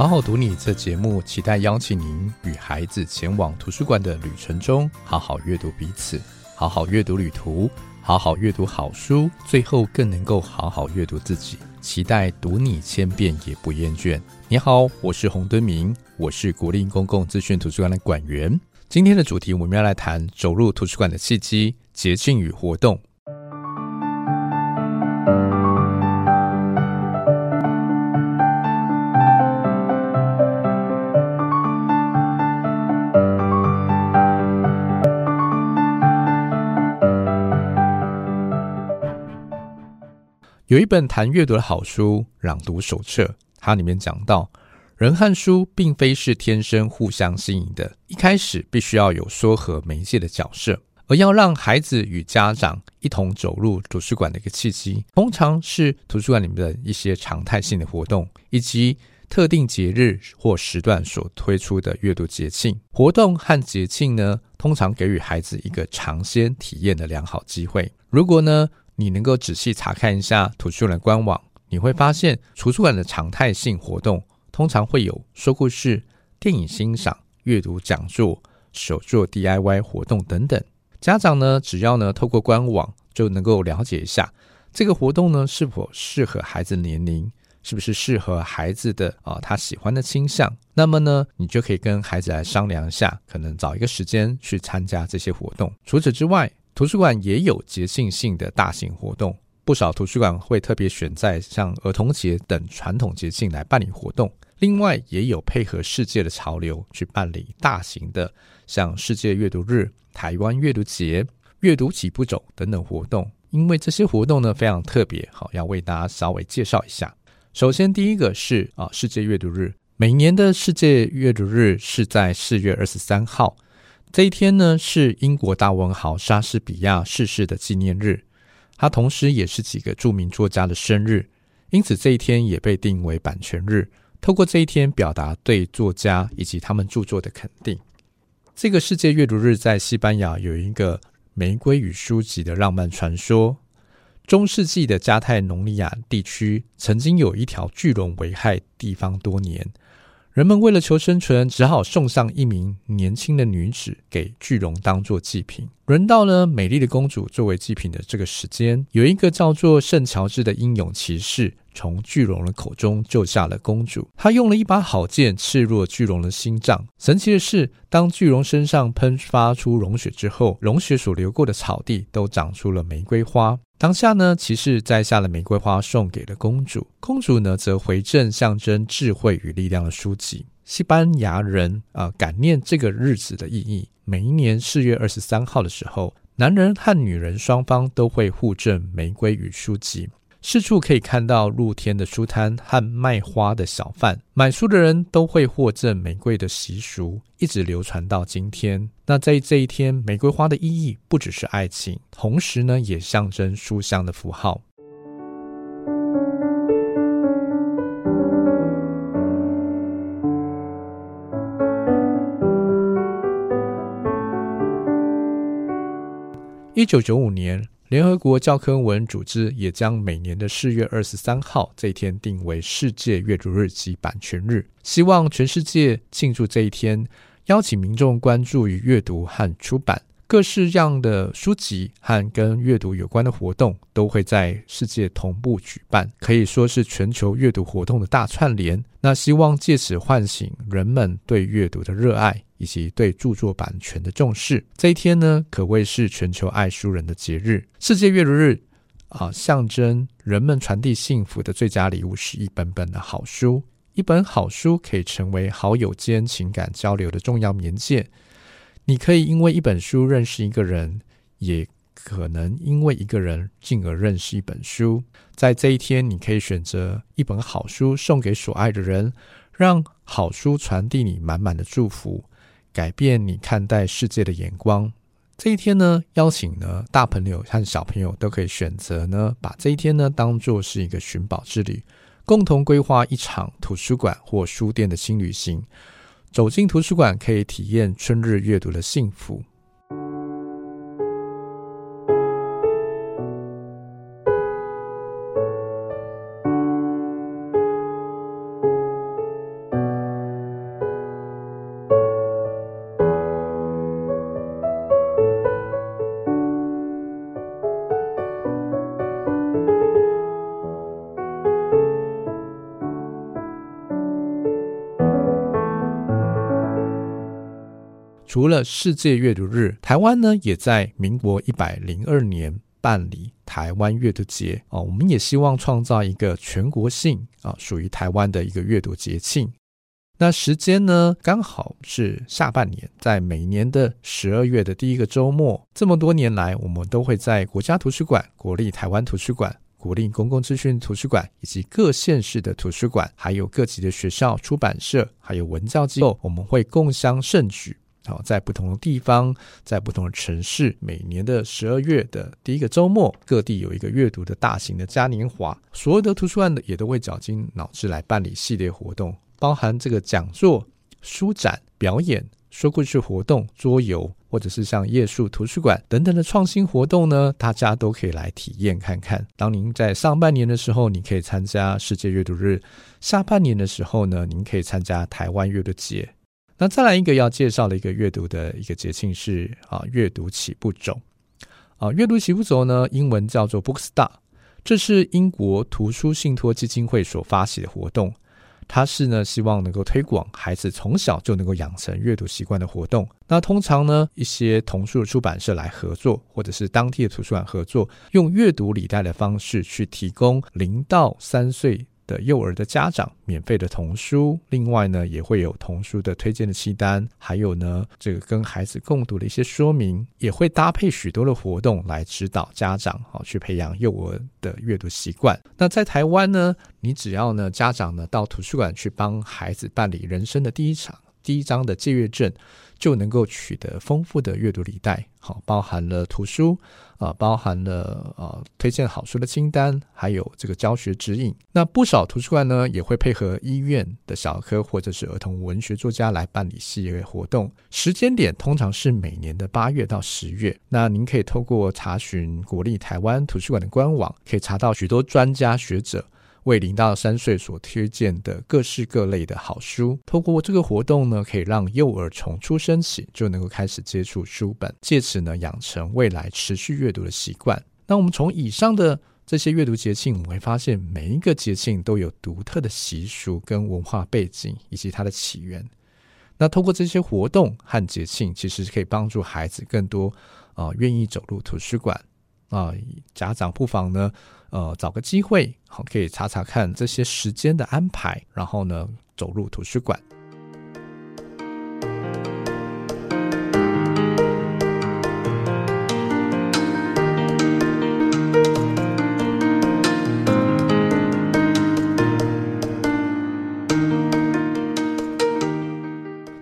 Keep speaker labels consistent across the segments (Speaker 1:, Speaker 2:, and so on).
Speaker 1: 好好讀你這節目，期待邀請您與孩子前往圖書館的旅程中，好好閱讀彼此，好好閱讀旅途，好好閱讀好書，最後更能夠好好閱讀自己。期待讀你千遍也不厭倦。你好，我是洪敦明，我是國立公共資訊圖書館的館員。今天的主題我們要來談走入圖書館的契機、節慶與活動。嗯有一本談閱讀的好書《朗讀手冊》，它裡面講到，人和書並非是天生互相吸引的，一開始必須要有說合媒介的角色，而要讓孩子與家長一同走入圖書館的一個契機，通常是圖書館裡面的一些常態性的活動，以及特定節日或時段所推出的閱讀節慶。活動和節慶呢，通常給予孩子一個嘗鮮體驗的良好機會。如果呢，你能夠仔細查看一下圖書館的官網，你會發現圖書館的常態性活動通常會有說故事、電影欣賞、閱讀講座、手作 DIY 活動等等。家長呢，只要呢透過官網就能夠了解一下這個活動呢是否適合孩子年齡，是不是適合孩子的啊、哦、他喜歡的傾向。那麼呢，你就可以跟孩子來商量一下，可能找一個時間去參加這些活動。除此之外，圖書館也有節慶性的大型活動，不少圖書館會特別選在像兒童節等傳統節慶來辦理活動。另外，也有配合世界的潮流去辦理大型的，像世界閱讀日、台灣閱讀節、閱讀起步走等等活動。因為這些活動呢非常特別，好，要為大家稍微介紹一下。首先，第一個是啊世界閱讀日，每年的世界閱讀日是在四月二十三號。這一天呢，是英國大文豪莎士比亞逝世的紀念日，他同時也是幾個著名作家的生日，因此這一天也被定為版權日。透過這一天，表達對作家以及他們著作的肯定。這個世界閱讀日在西班牙有一個玫瑰與書籍的浪漫傳說。中世紀的加泰隆尼亞地區曾經有一條巨龍危害地方多年。人們為了求生存，只好送上一名年輕的女子給巨龍當做祭品。輪到了美麗的公主作為祭品的這個時間，有一個叫做聖喬治的英勇騎士從巨龍的口中救下了公主。他用了一把好劍刺入了巨龍的心臟。神奇的是，當巨龍身上噴發出龍血之後，龍血所流過的草地都長出了玫瑰花。當下呢，騎士摘下了玫瑰花送給了公主，公主呢則回贈象徵智慧與力量的書籍。西班牙人啊、呃，感念這個日子的意義，每一年四月二十三號的時候，男人和女人雙方都會互贈玫瑰與書籍。四處可以看到露天的書攤和賣花的小販，買書的人都會獲贈玫瑰的習俗，一直流傳到今天。那在這一天，玫瑰花的意義不只是愛情，同時呢，也象徵書香的符號。一九九五年。聯合國教科文組織也將每年的四月二十三號這一天定為世界閱讀日及版權日，希望全世界慶祝這一天，邀請民眾關注與閱讀和出版各式各樣的書籍和跟閱讀有關的活動，都會在世界同步舉辦，可以說是全球閱讀活動的大串聯。那希望借此喚醒人們對閱讀的熱愛，以及對著作版權的重視，這一天呢，可謂是全球愛書人的節日——世界閱讀日。啊、呃，象徵人們傳遞幸福的最佳禮物是一本本的好書。一本好書可以成為好友間情感交流的重要媒介。你可以因為一本書認識一個人，也可能因為一個人進而認識一本書。在這一天，你可以選擇一本好書送給所愛的人，讓好書傳遞你滿滿的祝福。改變你看待世界的眼光。這一天呢，邀請呢大朋友和小朋友都可以選擇呢，把這一天呢當作是一個尋寶之旅，共同規劃一場圖書館或書店的新旅行。走進圖書館，可以體驗春日閱讀的幸福。除了世界閱讀日，台灣呢也在民國一百零二年辦理台灣閱讀節哦。我們也希望創造一個全國性啊，屬於台灣的一個閱讀節慶。那時間呢，剛好是下半年，在每年的十二月的第一個周末。這麼多年來，我們都會在國家圖書館、國立台灣圖書館、國立公共資訊圖書館以及各縣市的圖書館，還有各級的學校、出版社，還有文教機構，我們會共襄盛舉。在不同的地方，在不同的城市，每年的十二月的第一個周末，各地有一個閱讀的大型的嘉年華。所有的圖書館呢，也都會絞盡腦汁來辦理系列活動，包含這個講座、書展、表演、說故事活動、桌遊，或者是像夜宿圖書館等等的創新活動呢，大家都可以來體驗看看。當您在上半年的時候，您可以參加世界閱讀日；下半年的時候呢，您可以參加台灣閱讀節。那再來一個要介紹的一個閱讀的一個節慶是啊，閱讀起步走啊，閱讀起步走呢，英文叫做 Bookstart，這是英國圖書信託基金會所發起的活動，它是呢希望能夠推廣孩子從小就能夠養成閱讀習慣的活動。那通常呢，一些童書的出版社來合作，或者是當地的圖書館合作，用閱讀禮袋的方式去提供零到三歲。的幼兒的家長，免費的童書，另外呢也會有童書的推薦的清單，還有呢這個跟孩子共讀的一些說明，也會搭配許多的活動來指導家長啊、哦、去培養幼兒的閱讀習慣。那在台灣呢，你只要呢家長呢到圖書館去幫孩子辦理人生的第一場、第一張的借閱證。就能夠取得豐富的閱讀禮袋，好，包含了圖書啊、呃，包含了呃推薦好書的清單，還有這個教學指引。那不少圖書館呢，也會配合醫院的小兒科或者是兒童文學作家來辦理系列活動，時間點通常是每年的八月到十月。那您可以透過查詢國立台灣圖書館的官網，可以查到許多專家學者。為零到三歲所推薦的各式各類的好書，透過這個活動呢，可以讓幼兒從出生起就能夠開始接觸書本，借此呢養成未來持續閱讀的習慣。那我們從以上的這些閱讀節慶，我們會發現每一個節慶都有獨特的習俗跟文化背景以及它的起源。那通過這些活動和節慶，其實是可以幫助孩子更多啊、呃、願意走入圖書館。啊、呃，家長不妨呢，呃，找個機會，好，可以查查看這些時間的安排，然後呢，走入圖書館。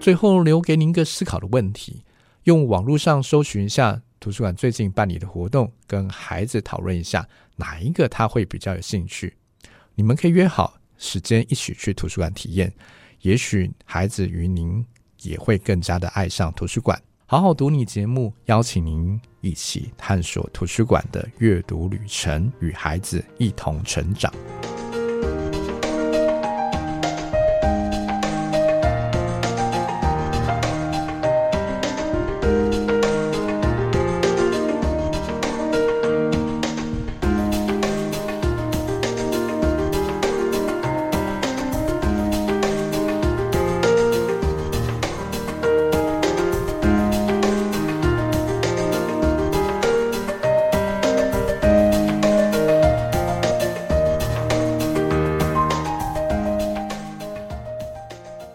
Speaker 1: 最後留給您一個思考的問題，用網絡上搜尋一下。圖書館最近辦理的活動，跟孩子討論一下哪一個他會比較有興趣。你們可以約好時間一起去圖書館體驗，也許孩子與您也會更加的愛上圖書館。好好讀你節目，邀請您一起探索圖書館的閱讀旅程，與孩子一同成長。